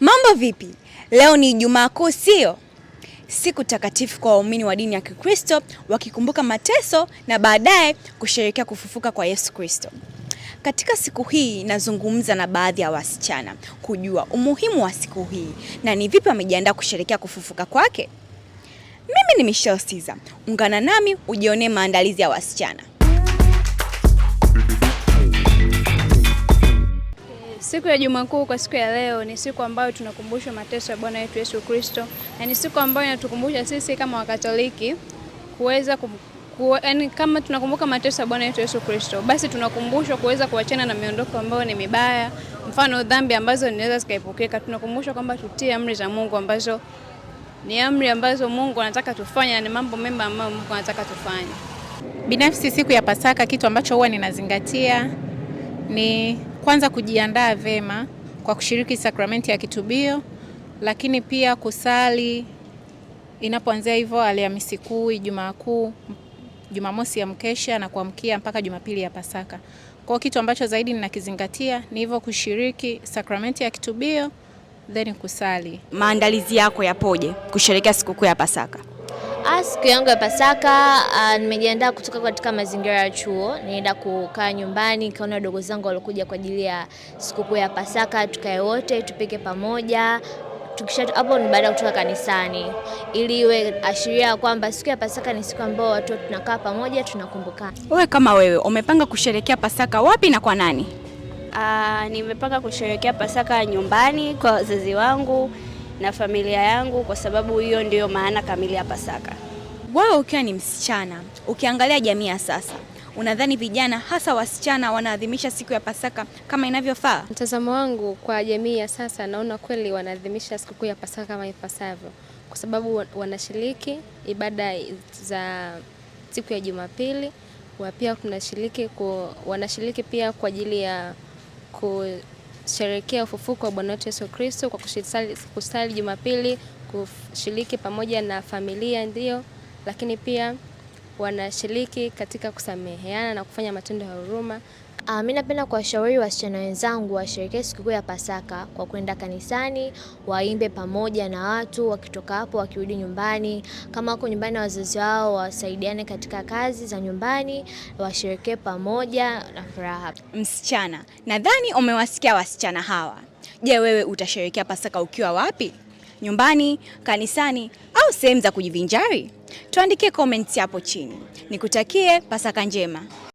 Mambo vipi? Leo ni Ijumaa Kuu, sio? Siku takatifu kwa waumini wa dini ya Kikristo, wakikumbuka mateso na baadaye kusherehekea kufufuka kwa Yesu Kristo. Katika siku hii nazungumza na baadhi ya wasichana kujua umuhimu wa siku hii na ni vipi wamejiandaa kusherehekea kufufuka kwake. Mimi ni Michelle Siza, ungana nami ujionee maandalizi ya wasichana. Siku ya jumakuu kwa siku ya leo ni siku ambayo tunakumbushwa mateso ya Bwana wetu Yesu Kristo, na ni siku ambayo inatukumbusha sisi kama Wakatoliki kuweza yani, kama tunakumbuka mateso ya Bwana wetu Yesu Kristo, basi tunakumbushwa kuweza kuachana na miondoko ambayo ni mibaya, mfano dhambi ambazo zinaweza zikaepukika. Tunakumbushwa kwamba tutie amri za Mungu ambazo ni amri ambazo Mungu anataka tufanye na ni mambo mema ambayo Mungu anataka tufanye. Binafsi siku ya Pasaka, kitu ambacho huwa ninazingatia ni kwanza kujiandaa vema kwa kushiriki sakramenti ya kitubio, lakini pia kusali inapoanzia hivyo Alhamisi Kuu, Ijumaa Kuu, Jumamosi ya mkesha na kuamkia mpaka Jumapili ya Pasaka. Kwa kitu ambacho zaidi ninakizingatia ni hivyo kushiriki sakramenti ya kitubio then kusali. Maandalizi yako yapoje kusherehekea sikukuu ya Pasaka? Siku yangu ya Pasaka uh, nimejiandaa kutoka katika mazingira ya chuo, nienda kukaa nyumbani, kaona wadogo zangu walikuja kwa ajili ya sikukuu ya Pasaka, tukae wote tupike pamoja tukisha hapo ni baada ya kutoka kanisani, ili iwe ashiria kwamba siku ya Pasaka ni siku ambayo watu tunakaa pamoja tunakumbukana. Wewe kama wewe umepanga kusherekea Pasaka wapi na kwa nani? Uh, nimepanga kusherekea Pasaka nyumbani kwa wazazi wangu na familia yangu, kwa sababu hiyo ndiyo maana kamili ya Pasaka. Wewe ukiwa ni msichana, ukiangalia jamii ya sasa, unadhani vijana hasa wasichana wanaadhimisha siku ya Pasaka kama inavyofaa? Mtazamo wangu kwa jamii ya sasa, naona kweli wanaadhimisha sikukuu ya Pasaka kama ipasavyo, kwa sababu wanashiriki ibada za siku ya Jumapili, pia kunashiriki wanashiriki pia kwa ajili ya ku kusherehekea ufufuko wa Bwana wetu Yesu Kristo kwa kusali Jumapili, kushiriki pamoja na familia ndio, lakini pia wanashiriki katika kusameheana na kufanya matendo ya huruma. Uh, mi napenda kuwashauri wasichana wenzangu washerekee sikukuu ya Pasaka kwa kwenda kanisani, waimbe pamoja na watu, wakitoka hapo wakirudi nyumbani, kama wako nyumbani na wazazi wao, wasaidiane katika kazi za nyumbani, washerekee pamoja na furaha. Msichana, nadhani umewasikia wasichana hawa. Je, wewe utasherekea Pasaka ukiwa wapi? Nyumbani, kanisani au sehemu za kujivinjari? Tuandikie comments hapo chini. Nikutakie Pasaka njema.